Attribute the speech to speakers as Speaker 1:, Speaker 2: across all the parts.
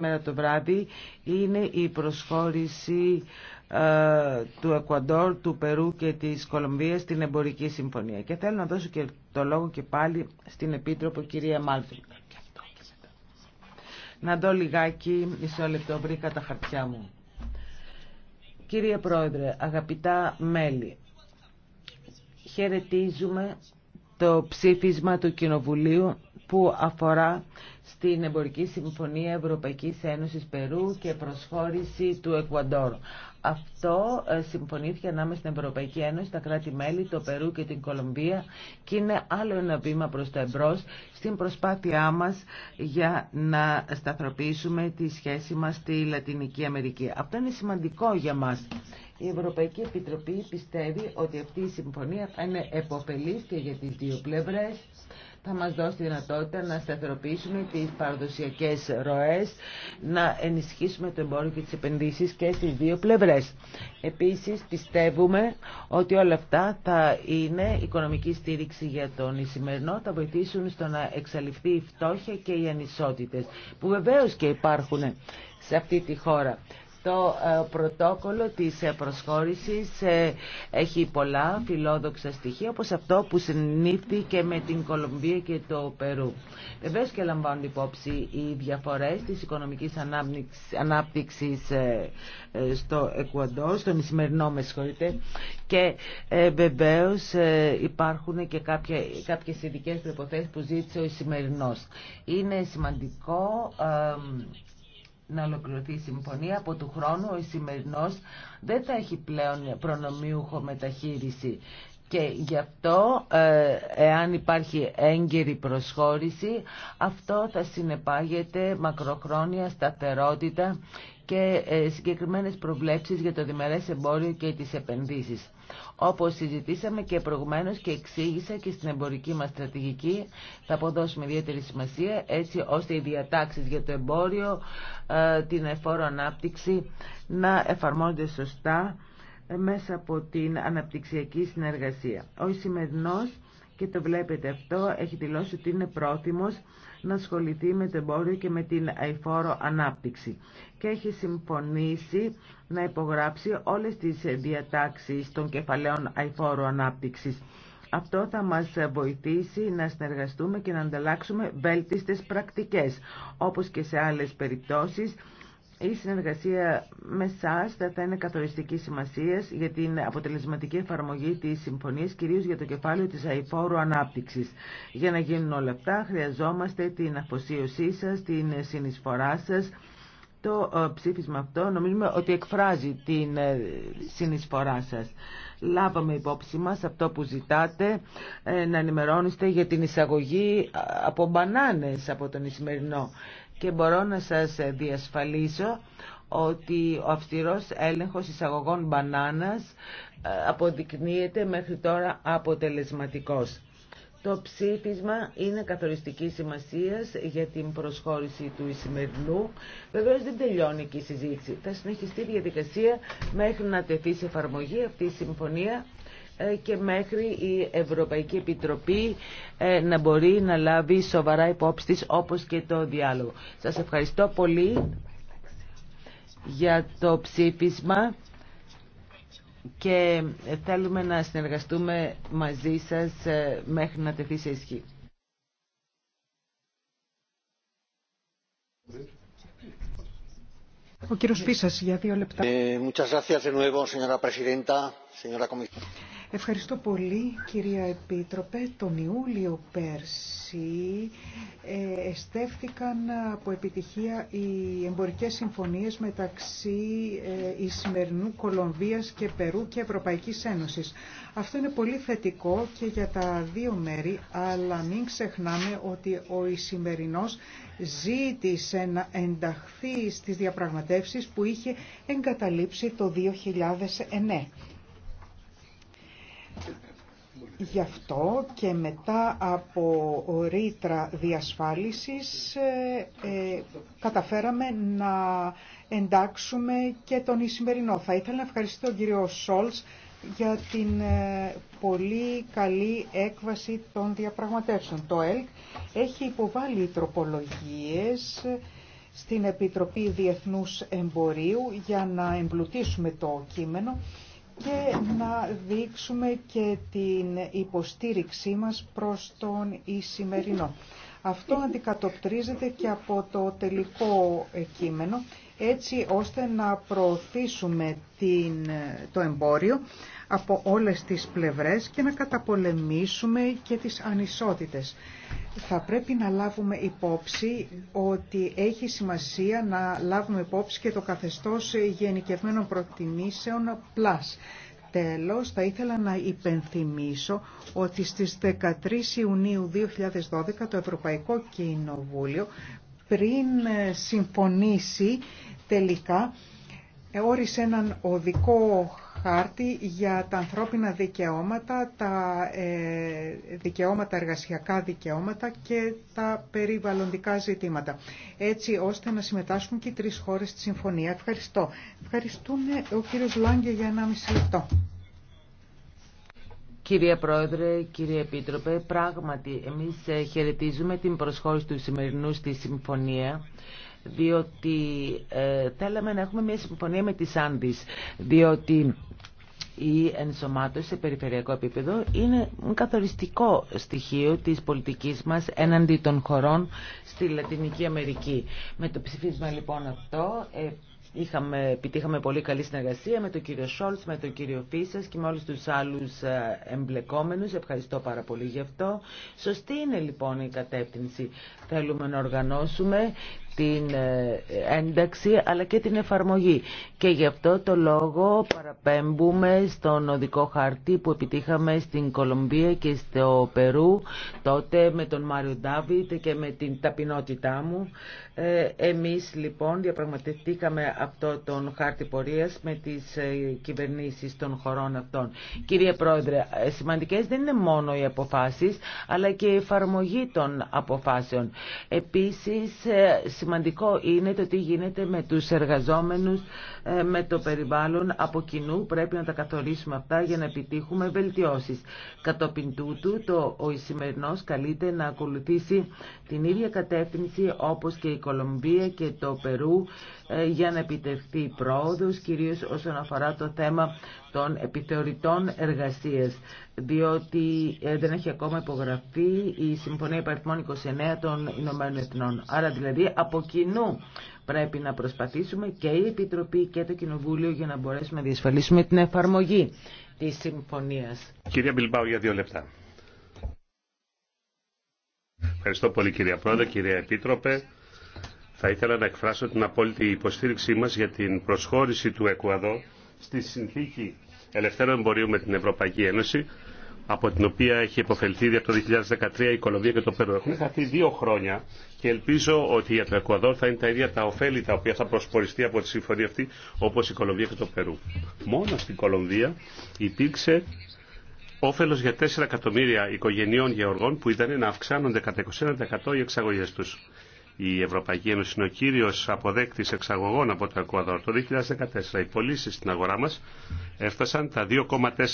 Speaker 1: Σήμερα το βράδυ είναι η προσχώρηση ε, του Εκουαντόρ, του Περού και της Κολομβίας στην Εμπορική Συμφωνία. Και θέλω να δώσω και το λόγο και πάλι στην Επίτροπο κυρία Μάλφρυ. Να δω λιγάκι, μισό λεπτό βρήκα τα χαρτιά μου. Κύριε Πρόεδρε, αγαπητά μέλη, χαιρετίζουμε το ψήφισμα του Κοινοβουλίου που αφορά στην Εμπορική Συμφωνία Ευρωπαϊκής Ένωσης Περού και προσφόρηση του Εκουαντόρ. Αυτό ε, συμφωνήθηκε ανάμεσα στην Ευρωπαϊκή Ένωση, τα κράτη-μέλη, το Περού και την Κολομβία και είναι άλλο ένα βήμα προς τα εμπρός στην προσπάθειά μας για να σταθροποιήσουμε τη σχέση μας στη Λατινική Αμερική. Αυτό είναι σημαντικό για μας. Η Ευρωπαϊκή Επιτροπή πιστεύει ότι αυτή η συμφωνία θα είναι επωφελής και για τις δύο πλευρές θα μας δώσει τη δυνατότητα να σταθεροποιήσουμε τις παραδοσιακές ροές, να ενισχύσουμε το εμπόριο και τις επενδύσεις και στις δύο πλευρές. Επίσης πιστεύουμε ότι όλα αυτά θα είναι οικονομική στήριξη για τον Ισημερινό, θα βοηθήσουν στο να εξαλειφθεί η φτώχεια και οι ανισότητες, που βεβαίως και υπάρχουν σε αυτή τη χώρα. Το ε, πρωτόκολλο της ε, προσχώρησης ε, έχει πολλά φιλόδοξα στοιχεία όπως αυτό που συνήθει και με την Κολομβία και το Περού. Βεβαίως και λαμβάνουν υπόψη οι διαφορές της οικονομικής ανάπτυξης στο Εκουαντό, στον Ισημερινό με και βεβαίως υπάρχουν και κάποια, κάποιες ειδικές προϋποθέσεις που ζήτησε ο Ισημερινός. Είναι σημαντικό να ολοκληρωθεί η συμφωνία από του χρόνου ο σημερινός δεν θα έχει πλέον προνομιούχο μεταχείριση. Και γι' αυτό, ε, εάν υπάρχει έγκαιρη προσχώρηση, αυτό θα συνεπάγεται μακροχρόνια σταθερότητα και ε, συγκεκριμένες προβλέψεις για το διμερές εμπόριο και τις επενδύσεις. Όπως συζητήσαμε και προηγουμένως και εξήγησα και στην εμπορική μας στρατηγική θα αποδώσουμε ιδιαίτερη σημασία έτσι ώστε οι διατάξεις για το εμπόριο, ε, την εφόρο ανάπτυξη να εφαρμόνται σωστά ε, μέσα από την αναπτυξιακή συνεργασία. Ο σημερινός και το βλέπετε αυτό, έχει δηλώσει ότι είναι πρόθυμος να ασχοληθεί με το εμπόριο και με την αηφόρο ανάπτυξη. Και έχει συμφωνήσει να υπογράψει όλες τις διατάξεις των κεφαλαίων αηφόρο ανάπτυξης. Αυτό θα μας βοηθήσει να συνεργαστούμε και να ανταλλάξουμε βέλτιστες πρακτικές, όπως και σε άλλες περιπτώσεις η συνεργασία με εσά θα είναι καθοριστική σημασία για την αποτελεσματική εφαρμογή τη συμφωνία, κυρίω για το κεφάλαιο τη αηφόρου ανάπτυξη. Για να γίνουν όλα αυτά, χρειαζόμαστε την αφοσίωσή σα, την συνεισφορά σα. Το ε, ψήφισμα αυτό νομίζουμε ότι εκφράζει την ε, συνεισφορά σα. Λάβαμε υπόψη μα αυτό που ζητάτε ε, να ενημερώνεστε για την εισαγωγή από μπανάνες από τον Ισημερινό και μπορώ να σας διασφαλίσω ότι ο αυστηρός έλεγχος εισαγωγών μπανάνας ε, αποδεικνύεται μέχρι τώρα αποτελεσματικός. Το ψήφισμα είναι καθοριστική σημασίας για την προσχώρηση του Ισημερινού. Βεβαίως δεν τελειώνει και η συζήτηση. Θα συνεχιστεί η διαδικασία μέχρι να τεθεί σε εφαρμογή αυτή η συμφωνία ε, και μέχρι η Ευρωπαϊκή Επιτροπή ε, να μπορεί να λάβει σοβαρά υπόψη της όπως και το διάλογο. Σας ευχαριστώ πολύ για το ψήφισμα και θέλουμε να συνεργαστούμε μαζί σας ε, μέχρι να τεθεί σε ισχύ.
Speaker 2: Ο κύριος για δύο λεπτά. Ευχαριστώ πολύ κυρία Επίτροπε. Τον Ιούλιο πέρσι ε, εστέφθηκαν από επιτυχία οι εμπορικές συμφωνίες μεταξύ ε, Ισημερινού Κολομβίας και Περού και Ευρωπαϊκής Ένωσης. Αυτό είναι πολύ θετικό και για τα δύο μέρη, αλλά μην ξεχνάμε ότι ο Ισημερινός ζήτησε να ενταχθεί στις διαπραγματεύσεις που είχε εγκαταλείψει το 2009. Γι' αυτό και μετά από ρήτρα διασφάλισης ε, ε, καταφέραμε να εντάξουμε και τον Ισημερινό. Θα ήθελα να ευχαριστήσω τον κύριο Σόλτς για την ε, πολύ καλή έκβαση των διαπραγματεύσεων. Το ΕΛΚ έχει υποβάλει τροπολογίες στην Επιτροπή Διεθνούς Εμπορίου για να εμπλουτίσουμε το κείμενο και να δείξουμε και την υποστήριξή μας προς τον Ισημερινό. Αυτό αντικατοπτρίζεται και από το τελικό κείμενο έτσι ώστε να προωθήσουμε την, το εμπόριο από όλες τις πλευρές και να καταπολεμήσουμε και τις ανισότητες. Θα πρέπει να λάβουμε υπόψη ότι έχει σημασία να λάβουμε υπόψη και το καθεστώς γενικευμένων προτιμήσεων πλάς. Τέλος, θα ήθελα να υπενθυμίσω ότι στις 13 Ιουνίου 2012 το Ευρωπαϊκό Κοινοβούλιο πριν συμφωνήσει τελικά ε, όρισε έναν οδικό χάρτη για τα ανθρώπινα δικαιώματα, τα ε, δικαιώματα, εργασιακά δικαιώματα και τα περιβαλλοντικά ζητήματα. Έτσι ώστε να συμμετάσχουν και οι τρεις χώρες στη συμφωνία. Ευχαριστώ. Ευχαριστούμε ο κύριος Λάγκε για ένα μισή λεπτό.
Speaker 1: Κυρία Πρόεδρε, κύριε Επίτροπε, πράγματι εμείς ε, χαιρετίζουμε την προσχώρηση του σημερινού στη συμφωνία διότι ε, θέλαμε να έχουμε μια συμφωνία με τις Άντις διότι η ενσωμάτωση σε περιφερειακό επίπεδο είναι καθοριστικό στοιχείο της πολιτικής μας έναντι των χωρών στη Λατινική Αμερική. Με το ψηφίσμα λοιπόν αυτό ε, Είχαμε, επιτύχαμε πολύ καλή συνεργασία με τον κύριο Σόλτ, με τον κύριο Φίσα και με όλου του άλλου ε, εμπλεκόμενου. Ευχαριστώ πάρα πολύ γι' αυτό. Σωστή είναι λοιπόν η κατεύθυνση. Θέλουμε να οργανώσουμε την ε, ένταξη αλλά και την εφαρμογή. Και γι' αυτό το λόγο παραπέμπουμε στον οδικό χάρτη που επιτύχαμε στην Κολομβία και στο Περού τότε με τον Μάριο Ντάβιτ και με την ταπεινότητά μου. Ε, εμείς λοιπόν διαπραγματευτήκαμε αυτό τον χάρτη πορείας με τις ε, κυβερνήσεις των χωρών αυτών. Κύριε Πρόεδρε, σημαντικές δεν είναι μόνο οι αποφάσεις αλλά και η εφαρμογή των αποφάσεων. Επίσης ε, σημαντικό είναι το τι γίνεται με τους εργαζόμενους, ε, με το περιβάλλον από κοινού. Πρέπει να τα καθορίσουμε αυτά για να επιτύχουμε βελτιώσεις. Κατόπιν τούτου το, ο Ισημερινός καλείται να ακολουθήσει την ίδια κατεύθυνση όπως και η Κολομβία και το Περού ε, για να επιτευχθεί πρόοδος κυρίως όσον αφορά το θέμα των επιθεωρητών εργασίας διότι ε, δεν έχει ακόμα υπογραφεί η Συμφωνία Υπαριθμών 29 των Ηνωμένων Εθνών. Άρα δηλαδή από κοινού πρέπει να προσπαθήσουμε και η Επιτροπή και το Κοινοβούλιο για να μπορέσουμε να διασφαλίσουμε την εφαρμογή της Συμφωνίας.
Speaker 3: Κυρία Μπιλμπάου για δύο λεπτά. Ευχαριστώ πολύ κυρία Πρόεδρε, κυρία Επίτροπε. Θα ήθελα να εκφράσω την απόλυτη υποστήριξή μας για την προσχώρηση του Εκουαδό στη συνθήκη ελευθέρω εμπορίου με την Ευρωπαϊκή Ένωση, από την οποία έχει υποφελθεί από το 2013 η Κολομβία και το Περού. Έχουν χαθεί δύο χρόνια και ελπίζω ότι για το Εκουαδόρ θα είναι τα ίδια τα ωφέλη τα οποία θα προσποριστεί από τη συμφωνία αυτή όπω η Κολομβία και το Περού. Μόνο στην Κολομβία υπήρξε όφελο για 4 εκατομμύρια οικογενειών γεωργών που ήταν να αυξάνονται κατά 21% οι εξαγωγέ του η Ευρωπαϊκή Ένωση είναι ο κύριο αποδέκτη εξαγωγών από το Εκουαδόρ. Το 2014 οι πωλήσει στην αγορά μα έφτασαν τα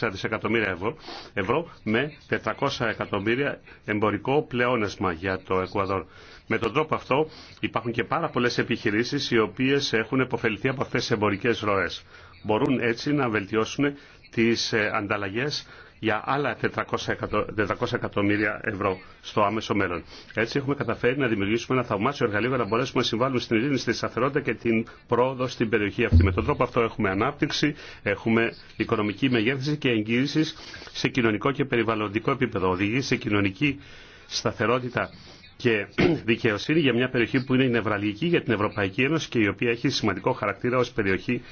Speaker 3: 2,4 δισεκατομμύρια ευρώ, ευρώ με 400 εκατομμύρια εμπορικό πλεόνασμα για το Εκουαδόρ. Με τον τρόπο αυτό υπάρχουν και πάρα πολλέ επιχειρήσει οι οποίε έχουν επωφεληθεί από αυτέ τι εμπορικέ ροέ. Μπορούν έτσι να βελτιώσουν τι ε, ανταλλαγέ για άλλα 400 εκατομμύρια ευρώ στο άμεσο μέλλον. Έτσι έχουμε καταφέρει να δημιουργήσουμε ένα θαυμάσιο εργαλείο για να μπορέσουμε να συμβάλλουμε στην ειρήνη, στη σταθερότητα και την πρόοδο στην περιοχή αυτή. Με τον τρόπο αυτό έχουμε ανάπτυξη, έχουμε οικονομική μεγέθυνση και εγγύηση σε κοινωνικό και περιβαλλοντικό επίπεδο. Οδηγεί σε κοινωνική σταθερότητα και δικαιοσύνη για μια περιοχή που είναι νευραλική για την Ευρωπαϊκή Ένωση και η οποία έχει σημαντικό χαρακτήρα ως περιοχή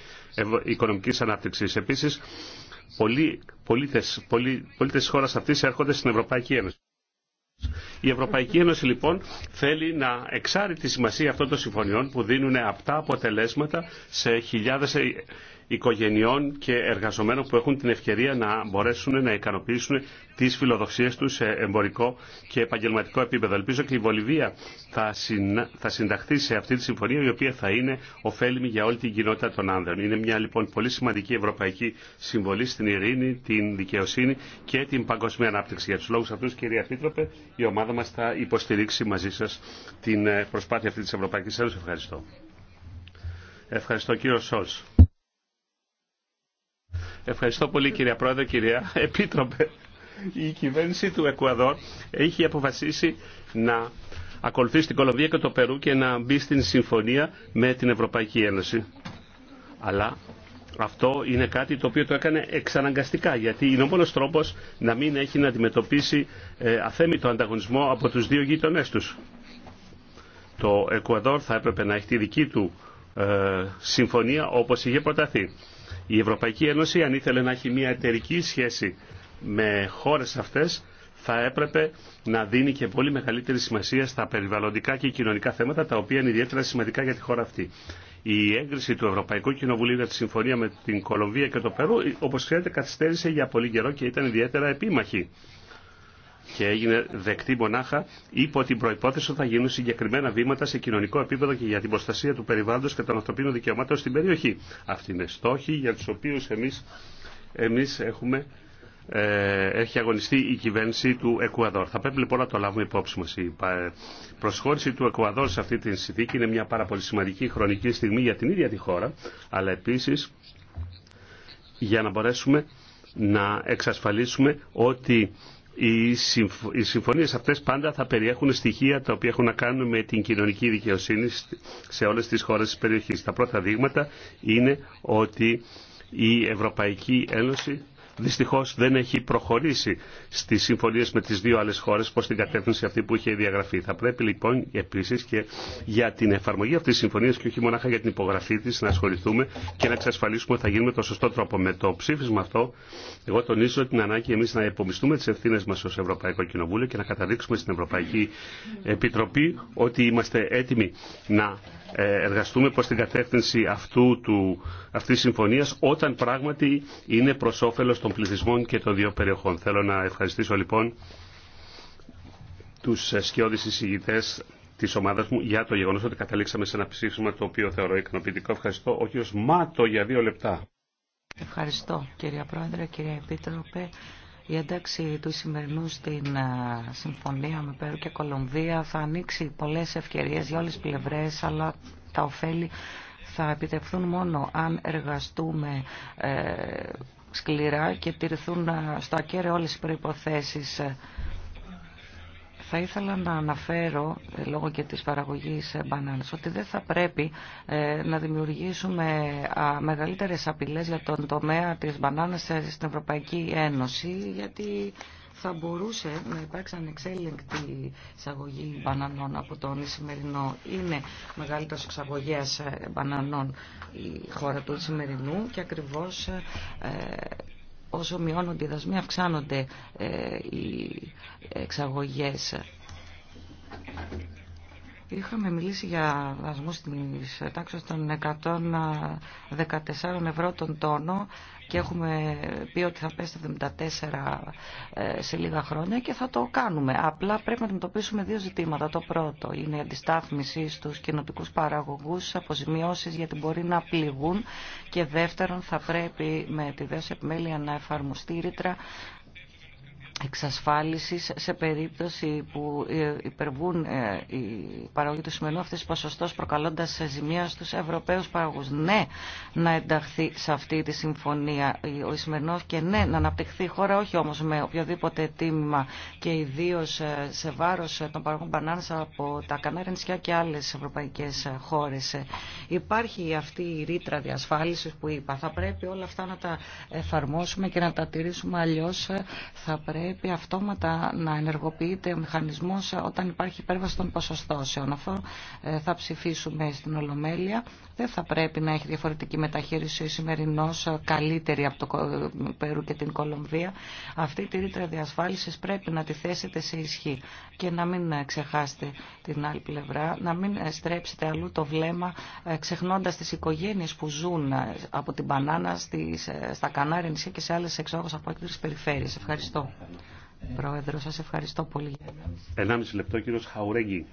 Speaker 3: οικονομικής ανάπτυξης. Επίσης, Πολλοί πολίτες, πολίτες της χώρας αυτής έρχονται στην Ευρωπαϊκή Ένωση. Η Ευρωπαϊκή Ένωση λοιπόν θέλει να εξάρει τη σημασία αυτών των συμφωνιών που δίνουν απτά αποτελέσματα σε χιλιάδες οικογενειών και εργαζομένων που έχουν την ευκαιρία να μπορέσουν να ικανοποιήσουν τις φιλοδοξίες τους σε εμπορικό και επαγγελματικό επίπεδο. Ελπίζω και η Βολιβία θα, θα συνταχθεί σε αυτή τη συμφωνία η οποία θα είναι ωφέλιμη για όλη την κοινότητα των άνδρων. Είναι μια λοιπόν πολύ σημαντική ευρωπαϊκή συμβολή στην ειρήνη, την δικαιοσύνη και την παγκοσμία ανάπτυξη. Για τους λόγους αυτούς κυρία Πίτροπε η ομάδα μας θα υποστηρίξει μαζί σα την ε, προσπάθεια αυτή της Ευρωπαϊκής Ευχαριστώ. Ευχαριστώ κύριο Ευχαριστώ πολύ κυρία Πρόεδρε, κυρία Επίτροπε. Η
Speaker 4: κυβέρνηση
Speaker 3: του Εκουαδόρ έχει αποφασίσει να ακολουθήσει την Κολομβία και το Περού και να μπει στην συμφωνία με την Ευρωπαϊκή Ένωση. Αλλά αυτό είναι κάτι το οποίο το έκανε εξαναγκαστικά γιατί είναι ο μόνος τρόπος να μην έχει να αντιμετωπίσει ε, αθέμητο ανταγωνισμό από τους δύο γειτονέ τους. Το Εκουαδόρ θα έπρεπε να έχει τη δική του ε, συμφωνία όπως είχε προταθεί. Η Ευρωπαϊκή Ένωση αν ήθελε να έχει μια εταιρική σχέση με χώρες αυτές θα έπρεπε να δίνει και πολύ μεγαλύτερη σημασία στα περιβαλλοντικά και κοινωνικά θέματα τα οποία είναι ιδιαίτερα σημαντικά για τη χώρα αυτή. Η έγκριση του Ευρωπαϊκού Κοινοβουλίου για τη συμφωνία με την Κολομβία και το Περού, όπως ξέρετε, καθυστέρησε για πολύ καιρό και ήταν ιδιαίτερα επίμαχη και έγινε δεκτή μονάχα υπό την προπόθεση ότι θα γίνουν συγκεκριμένα βήματα σε κοινωνικό επίπεδο και για την προστασία του περιβάλλοντο και των ανθρωπίνων δικαιωμάτων στην περιοχή. Αυτοί είναι στόχοι για του οποίου εμεί εμείς έχουμε. Ε, έχει αγωνιστεί η κυβέρνηση του Εκουαδόρ. Θα πρέπει λοιπόν να το λάβουμε υπόψη μας. Η ε, προσχώρηση του Εκουαδόρ σε αυτή τη συνθήκη είναι μια πάρα πολύ σημαντική χρονική στιγμή για την ίδια τη χώρα, αλλά επίσης για να μπορέσουμε να εξασφαλίσουμε ότι οι συμφωνίες αυτές πάντα θα περιέχουν στοιχεία τα οποία έχουν να κάνουν με την κοινωνική δικαιοσύνη σε όλες τις χώρες της περιοχής. Τα πρώτα δείγματα είναι ότι η Ευρωπαϊκή Ένωση δυστυχώς δεν έχει προχωρήσει στις συμφωνίες με τις δύο άλλες χώρες προς την κατεύθυνση αυτή που είχε διαγραφεί. Θα πρέπει λοιπόν επίσης και για την εφαρμογή αυτής της συμφωνίας και όχι μονάχα για την υπογραφή της να ασχοληθούμε και να εξασφαλίσουμε ότι θα γίνουμε το σωστό τρόπο. Με το ψήφισμα αυτό εγώ τονίζω την ανάγκη εμείς να επομιστούμε τις ευθύνε μας ως Ευρωπαϊκό Κοινοβούλιο και να καταδείξουμε στην Ευρωπαϊκή Επιτροπή ότι είμαστε έτοιμοι να ε, εργαστούμε προς την κατεύθυνση αυτού του, αυτής της συμφωνίας όταν πράγματι είναι προς όφελος των πληθυσμών και των δύο περιοχών. Θέλω να ευχαριστήσω λοιπόν τους σκιώδεις εισηγητές τη ομάδα μου για το γεγονό ότι καταλήξαμε σε ένα ψήφισμα το οποίο θεωρώ ικανοποιητικό. Ευχαριστώ. Ο κ. Μάτο για δύο λεπτά.
Speaker 5: Ευχαριστώ κυρία Πρόεδρε, κυρία Επίτροπε. Η ένταξη του σημερινού στην συμφωνία με Πέρου και Κολομβία θα ανοίξει πολλές ευκαιρίες για όλες τις πλευρές, αλλά τα ωφέλη θα επιτευχθούν μόνο αν εργαστούμε ε, σκληρά και τηρηθούν ε, στο ακέραιο όλες οι προϋποθέσεις. Ε, θα ήθελα να αναφέρω, ε, λόγω και της παραγωγής μπανάνας, ότι δεν θα πρέπει να δημιουργήσουμε μεγαλύτερες απειλές για τον τομέα της μπανάνας στην Ευρωπαϊκή Ένωση, γιατί θα μπορούσε να υπάρξει ανεξέλεγκτη εισαγωγή μπανανών από τον Ισημερινό. Είναι μεγαλύτερο εξαγωγέα ε, μπανανών η χώρα του Ισημερινού και ακριβώς ε, ε, όσο μειώνονται οι δασμοί αυξάνονται οι εξαγωγέ. Είχαμε μιλήσει για δασμούς της τάξης των 114 ευρώ τον τόνο και έχουμε πει ότι θα πέσει 74 ε, σε λίγα χρόνια και θα το κάνουμε. Απλά πρέπει να αντιμετωπίσουμε δύο ζητήματα. Το πρώτο είναι η αντιστάθμιση στους κοινοτικού παραγωγούς, αποζημιώσεις γιατί μπορεί να πληγούν και δεύτερον θα πρέπει με τη δέωση επιμέλεια να εφαρμοστεί ρήτρα εξασφάλισης σε περίπτωση που ε, υπερβούν οι ε, παραγωγοί του σημερινού αυτές ποσοστός προκαλώντας ζημία στους Ευρωπαίους παραγωγούς. Ναι, να ενταχθεί σε αυτή τη συμφωνία ο σημερινός και ναι, να αναπτυχθεί η χώρα όχι όμως με οποιοδήποτε τίμημα και ιδίω ε, σε βάρος των παραγωγών μπανάνας από τα Κανάρια νησιά και άλλες ευρωπαϊκές χώρες. Υπάρχει αυτή η ρήτρα διασφάλισης που είπα. Θα πρέπει όλα αυτά να τα εφαρμόσουμε και να τα τηρήσουμε αλλιώς θα πρέπει πρέπει αυτόματα να ενεργοποιείται ο μηχανισμός όταν υπάρχει υπέρβαση των ποσοστώσεων. Αυτό ε, θα ψηφίσουμε στην Ολομέλεια. Δεν θα πρέπει να έχει διαφορετική μεταχείριση ο σημερινός ε, καλύτερη από το ε, Περού και την Κολομβία. Αυτή τη ρήτρα διασφάλισης πρέπει να τη θέσετε σε ισχύ και να μην ξεχάσετε την άλλη πλευρά, να μην στρέψετε αλλού το βλέμμα ξεχνώντας τις οικογένειες που ζουν από την Πανάνα στις, στα Κανάρια νησιά και σε άλλες εξόγως από περιφέρειες. Ευχαριστώ. Πρόεδρο, σας ευχαριστώ πολύ.
Speaker 3: Ενάμιση λεπτό, κύριος Χαουρέγγι.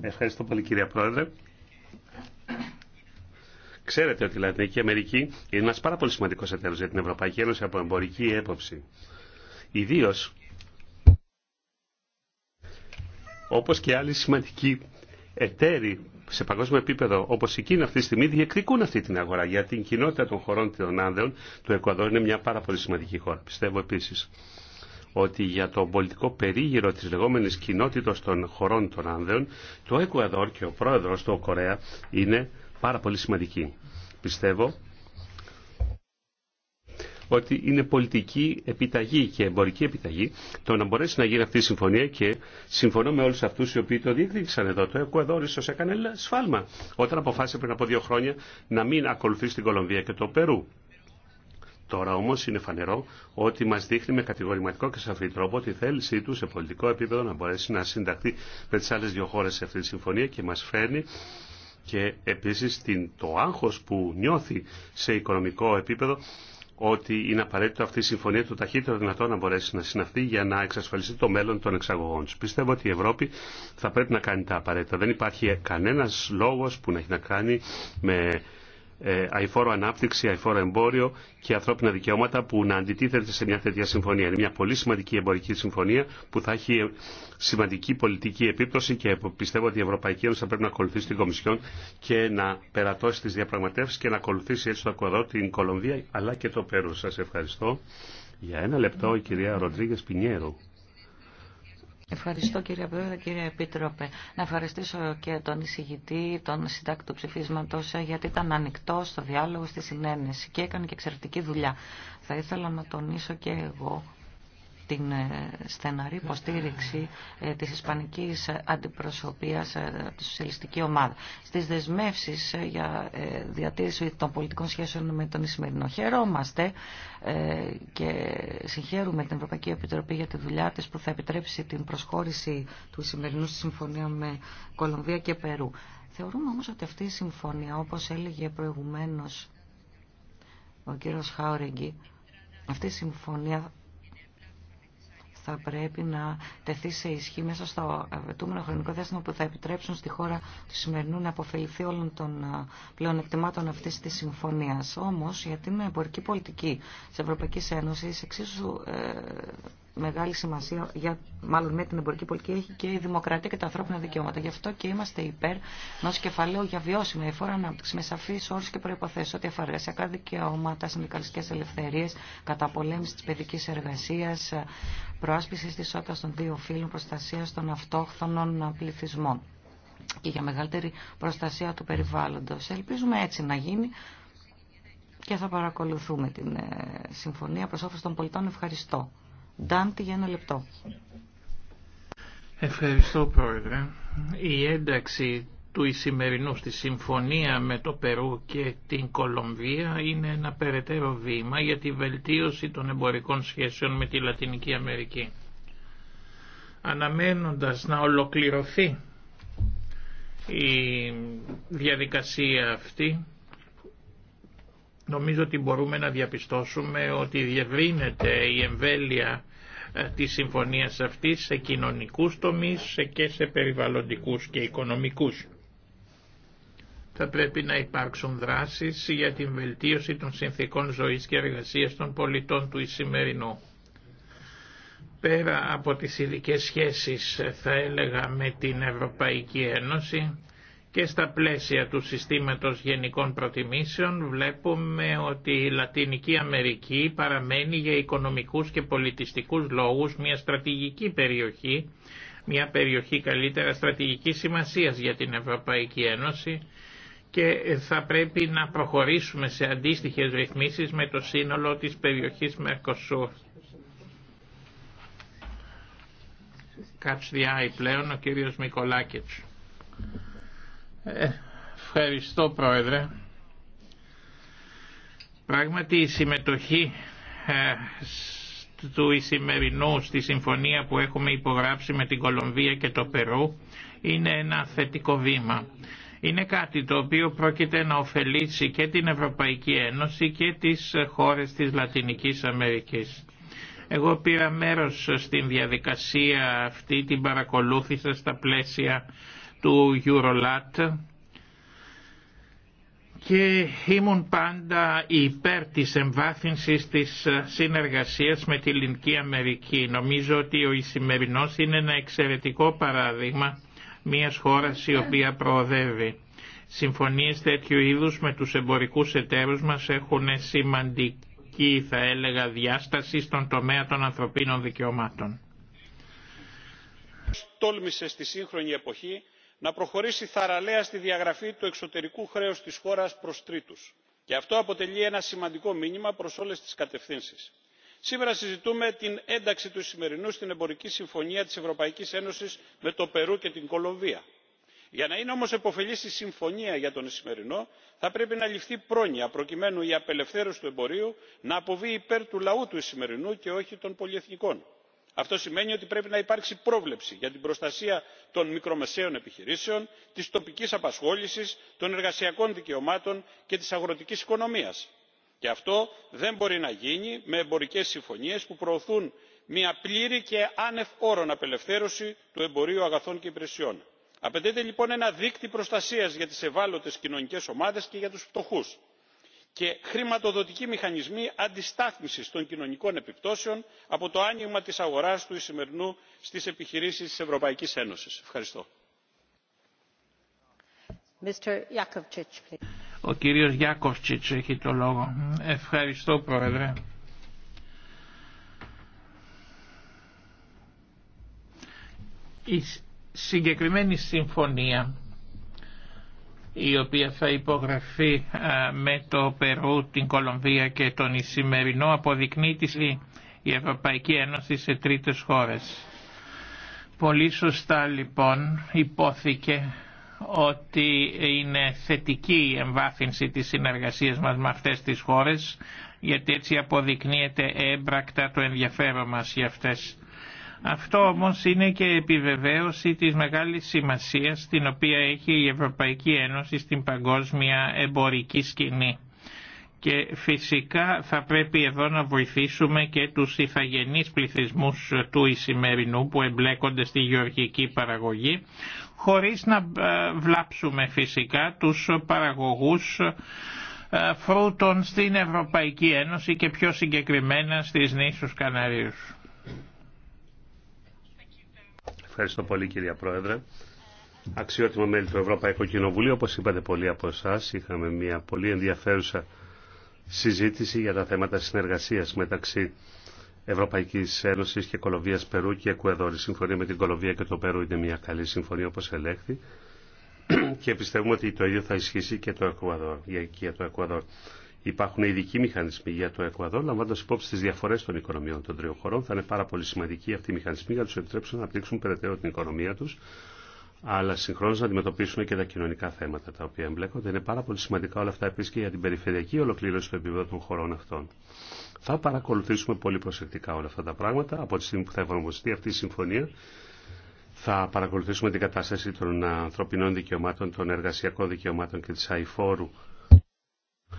Speaker 3: Ευχαριστώ πολύ, κυρία Πρόεδρε. Ξέρετε ότι η Λατινική Αμερική είναι ένας πάρα πολύ σημαντικός εταίρος για την Ευρωπαϊκή Ένωση από εμπορική έποψη. Ιδίω όπως και άλλοι σημαντικοί εταίροι σε παγκόσμιο επίπεδο, όπω η Κίνα αυτή τη στιγμή, διεκδικούν αυτή την αγορά. Για την κοινότητα των χωρών των Άνδεων, του Εκουαδόρ είναι μια πάρα πολύ σημαντική χώρα. Πιστεύω επίση ότι για τον πολιτικό περίγυρο της λεγόμενης κοινότητας των χωρών των Άνδεων, το Εκουαδόρ και ο πρόεδρος του Κορέα είναι πάρα πολύ σημαντική. Πιστεύω ότι είναι πολιτική επιταγή και εμπορική επιταγή το να μπορέσει να γίνει αυτή η συμφωνία και συμφωνώ με όλους αυτούς οι οποίοι το διεκδίκησαν εδώ. Το Εκουαδόρ ίσως έκανε σφάλμα όταν αποφάσισε πριν από δύο χρόνια να μην ακολουθήσει την Κολομβία και το Περού. Τώρα όμω είναι φανερό ότι μα δείχνει με κατηγορηματικό και σαφή τρόπο ότι θέλησή του σε πολιτικό επίπεδο να μπορέσει να συνταχθεί με τι άλλε δύο χώρε σε αυτή τη συμφωνία και μα φέρνει και επίση το άγχο που νιώθει σε οικονομικό επίπεδο ότι είναι απαραίτητο αυτή η συμφωνία το ταχύτερο δυνατό να μπορέσει να συναυθεί για να εξασφαλιστεί το μέλλον των εξαγωγών του. Πιστεύω ότι η Ευρώπη θα πρέπει να κάνει τα απαραίτητα. Δεν υπάρχει κανένα λόγο που να έχει να κάνει με ε, αηφόρο ανάπτυξη, αηφόρο εμπόριο και ανθρώπινα δικαιώματα που να αντιτίθεται σε μια τέτοια συμφωνία. Είναι μια πολύ σημαντική εμπορική συμφωνία που θα έχει σημαντική πολιτική επίπτωση και πιστεύω ότι η Ευρωπαϊκή Ένωση θα πρέπει να ακολουθήσει την Κομισιόν και να περατώσει τι διαπραγματεύσει και να ακολουθήσει έτσι το Ακουαδό, την Κολομβία αλλά και το Περού. Σα ευχαριστώ. Για ένα λεπτό η κυρία Ροντρίγκε Πινιέρο.
Speaker 5: Ευχαριστώ κύριε Πρόεδρε, κύριε Επίτροπε. Να ευχαριστήσω και τον εισηγητή, τον συντάκτη του ψηφίσματο, γιατί ήταν ανοιχτό στο διάλογο, στη συνένεση και έκανε και εξαιρετική δουλειά. Θα ήθελα να τονίσω και εγώ την ε, στεναρή υποστήριξη ε, της ισπανικής αντιπροσωπείας ε, της σοσιαλιστική ομάδα. Στις δεσμεύσεις για διατήρηση των πολιτικών σχέσεων με τον Ισημερινό. Χαιρόμαστε και συγχαίρουμε την Ευρωπαϊκή Επιτροπή για τη δουλειά της που θα επιτρέψει την προσχώρηση του Ισημερινού στη συμφωνία με Κολομβία και Περού. Θεωρούμε όμως ότι αυτή η συμφωνία, όπως έλεγε προηγουμένως ο κύριος Χάουρεγγι, αυτή η συμφωνία θα πρέπει να τεθεί σε ισχύ μέσα στο απαιτούμενο χρονικό διάστημα που θα επιτρέψουν στη χώρα του σημερινού να αποφεληθεί όλων των ε, πλεονεκτημάτων αυτή τη συμφωνία. Όμω, για την εμπορική πολιτική τη Ευρωπαϊκή Ένωση εξίσου ε, μεγάλη σημασία, για, μάλλον με την εμπορική πολιτική, έχει και η δημοκρατία και τα ανθρώπινα δικαιώματα. Γι' αυτό και είμαστε υπέρ ενό κεφαλαίου για βιώσιμη εφόρα ανάπτυξη με σαφεί όρου και προποθέσει ό,τι αφορά εργασιακά δικαιώματα, συνδικαλιστικέ ελευθερίε, καταπολέμηση τη παιδική εργασία, προάσπιση τη ισότητα των δύο φύλων, προστασία των αυτόχθονων πληθυσμών και για μεγαλύτερη προστασία του περιβάλλοντος. Ελπίζουμε έτσι να γίνει και θα παρακολουθούμε την ε, συμφωνία προς όφελος των πολιτών. Ευχαριστώ.
Speaker 6: Ευχαριστώ Πρόεδρε. Η ένταξη του Ισημερινού στη συμφωνία με το Περού και την Κολομβία είναι ένα περαιτέρω βήμα για τη βελτίωση των εμπορικών σχέσεων με τη Λατινική Αμερική. Αναμένοντας να ολοκληρωθεί η διαδικασία αυτή, νομίζω ότι μπορούμε να διαπιστώσουμε ότι διευρύνεται η εμβέλεια ε, της συμφωνίας αυτής σε κοινωνικούς τομείς και σε περιβαλλοντικούς και οικονομικούς. Θα πρέπει να υπάρξουν δράσεις για την βελτίωση των συνθήκων ζωής και εργασίας των πολιτών του Ισημερινού. Πέρα από τις ειδικέ σχέσεις θα έλεγα με την Ευρωπαϊκή Ένωση, και στα πλαίσια του συστήματος γενικών προτιμήσεων βλέπουμε ότι η Λατινική Αμερική παραμένει για οικονομικούς και πολιτιστικούς λόγους μια στρατηγική περιοχή, μια περιοχή καλύτερα στρατηγικής σημασίας για την Ευρωπαϊκή Ένωση και θα πρέπει να προχωρήσουμε σε αντίστοιχες ρυθμίσεις με το σύνολο της περιοχής Μερκοσούρ ευχαριστώ Πρόεδρε. Πράγματι η συμμετοχή ε, του Ισημερινού στη συμφωνία που έχουμε υπογράψει με την Κολομβία και το Περού είναι ένα θετικό βήμα. Είναι κάτι το οποίο πρόκειται να ωφελήσει και την Ευρωπαϊκή Ένωση και τις χώρες της Λατινικής Αμερικής. Εγώ πήρα μέρος στην διαδικασία αυτή, την παρακολούθησα στα πλαίσια του Eurolat και ήμουν πάντα υπέρ της εμβάθυνσης της συνεργασίας με τη Λινική Αμερική. Νομίζω ότι ο Ισημερινός είναι ένα εξαιρετικό παράδειγμα μιας χώρας η οποία προοδεύει. Συμφωνίες τέτοιου είδους με τους εμπορικούς εταίρους μας έχουν σημαντική θα έλεγα διάσταση στον τομέα των ανθρωπίνων δικαιωμάτων.
Speaker 4: Τόλμησε στη σύγχρονη εποχή να προχωρήσει θαραλέα στη διαγραφή του εξωτερικού χρέους της χώρας προς τρίτους και αυτό αποτελεί ένα σημαντικό μήνυμα προς όλες τις κατευθύνσεις. σήμερα συζητούμε την ένταξη του ισημερινού στην εμπορική συμφωνία της ευρωπαϊκής ένωσης με το περού και την κολομβία. για να είναι όμως επωφελής η συμφωνία για τον ισημερινό θα πρέπει να ληφθεί πρόνοια προκειμένου η απελευθέρωση του εμπορίου να αποβεί υπέρ του λαού του ισημερινού και όχι των πολυεθνικών αυτό σημαίνει ότι πρέπει να υπάρξει πρόβλεψη για την προστασία των μικρομεσαίων επιχειρήσεων τη τοπική απασχόλησης των εργασιακών δικαιωμάτων και της αγροτικής οικονομίας και αυτό δεν μπορεί να γίνει με εμπορικές συμφωνίες που προωθούν μια πλήρη και άνευ όρων απελευθέρωση του εμπορίου αγαθών και υπηρεσιών. απαιτείται λοιπόν ένα δίκτυ προστασία για τι ευάλωτε κοινωνικέ ομάδε και για του φτωχού και χρηματοδοτικοί μηχανισμοί αντιστάθμισης των κοινωνικών επιπτώσεων από το άνοιγμα της αγοράς του ισημερινού στις επιχειρήσεις της ευρωπαϊκής ένωσης. ευχαριστώ.
Speaker 5: Ο
Speaker 6: κύριος Γιακοβτσίτς έχει το λόγο.
Speaker 4: Ευχαριστώ
Speaker 6: Πρόεδρε. Η συγκεκριμένη συμφωνία η οποία θα υπογραφεί με το Περού, την Κολομβία και τον Ισημερινό αποδεικνύει η Ευρωπαϊκή Ένωση σε τρίτες χώρες. Πολύ σωστά λοιπόν υπόθηκε ότι είναι θετική η εμβάθυνση της συνεργασίας μας με αυτές τις χώρες γιατί έτσι αποδεικνύεται έμπρακτα το ενδιαφέρον μας για αυτές. Αυτό όμως είναι και επιβεβαίωση της μεγάλης σημασίας την οποία έχει η Ευρωπαϊκή Ένωση στην παγκόσμια εμπορική σκηνή. Και φυσικά θα πρέπει εδώ να βοηθήσουμε και τους ηθαγενείς πληθυσμούς του Ισημερινού που εμπλέκονται στη γεωργική παραγωγή χωρίς να ε, βλάψουμε φυσικά τους παραγωγούς ε, φρούτων στην Ευρωπαϊκή Ένωση και πιο συγκεκριμένα στις νήσους Καναρίους.
Speaker 3: Ευχαριστώ πολύ κυρία Πρόεδρε. Αξιότιμο μέλη του Ευρωπαϊκού Κοινοβουλίου, όπως είπατε πολλοί από εσά, είχαμε μια πολύ ενδιαφέρουσα συζήτηση για τα θέματα συνεργασίας μεταξύ Ευρωπαϊκής Ένωσης και Κολοβίας Περού και Εκουεδόρη. Η συμφωνία με την Κολοβία και το Περού είναι μια καλή συμφωνία όπως ελέγχθη και πιστεύουμε ότι το ίδιο θα ισχύσει και το Εκουαδόρ, για, το Εκουαδόρ. Υπάρχουν ειδικοί μηχανισμοί για το Εκουαδόρ, λαμβάνοντα υπόψη τι διαφορέ των οικονομιών των τριών χωρών. Θα είναι πάρα πολύ σημαντικοί αυτοί οι μηχανισμοί για να του επιτρέψουν να αναπτύξουν περαιτέρω την οικονομία του, αλλά συγχρόνω να αντιμετωπίσουν και τα κοινωνικά θέματα τα οποία εμπλέκονται. Είναι πάρα πολύ σημαντικά όλα αυτά επίση και για την περιφερειακή ολοκλήρωση του επίπεδου των χωρών αυτών. Θα παρακολουθήσουμε πολύ προσεκτικά όλα αυτά τα πράγματα από τη στιγμή που θα εφαρμοστεί αυτή η συμφωνία. Θα παρακολουθήσουμε την κατάσταση των ανθρωπινών δικαιωμάτων, των εργασιακών δικαιωμάτων και τη αηφόρου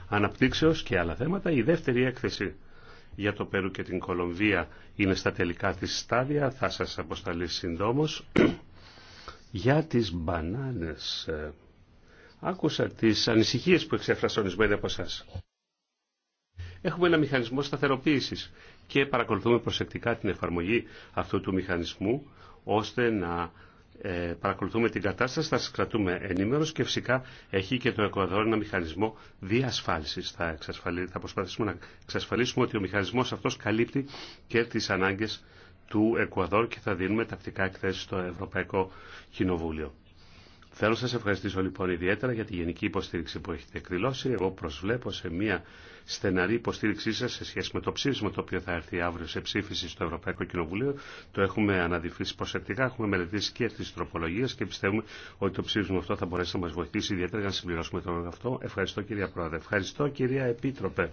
Speaker 3: αναπτύξεως και άλλα θέματα. Η δεύτερη έκθεση για το Περού και την Κολομβία είναι στα τελικά της στάδια. Θα σας αποσταλεί συντόμως. για τις μπανάνες. Ε, άκουσα τις ανησυχίες που εξέφρασαν ορισμένοι από εσά. Έχουμε ένα μηχανισμό σταθεροποίησης και παρακολουθούμε προσεκτικά την εφαρμογή αυτού του μηχανισμού ώστε να ε, παρακολουθούμε την κατάσταση, θα σας κρατούμε ενήμερος και φυσικά έχει και το Εκουαδόρ ένα μηχανισμό διασφάλισης. Θα, θα προσπαθήσουμε να εξασφαλίσουμε ότι ο μηχανισμός αυτός καλύπτει και τις ανάγκες του Εκουαδόρ και θα δίνουμε τακτικά εκθέσεις στο Ευρωπαϊκό Κοινοβούλιο. Θέλω να σας ευχαριστήσω λοιπόν ιδιαίτερα για τη γενική υποστήριξη που έχετε εκδηλώσει. Εγώ προσβλέπω σε μια στεναρή υποστήριξή σας σε σχέση με το ψήφισμα το οποίο θα έρθει αύριο σε ψήφιση στο Ευρωπαϊκό Κοινοβουλίο. Το έχουμε αναδειφθεί προσεκτικά, έχουμε μελετήσει και τις τροπολογίες και πιστεύουμε ότι το ψήφισμα αυτό θα μπορέσει να μας βοηθήσει ιδιαίτερα για να συμπληρώσουμε τον αυτό. Ευχαριστώ κυρία Πρόεδρε. Ευχαριστώ κυρία Επίτροπε.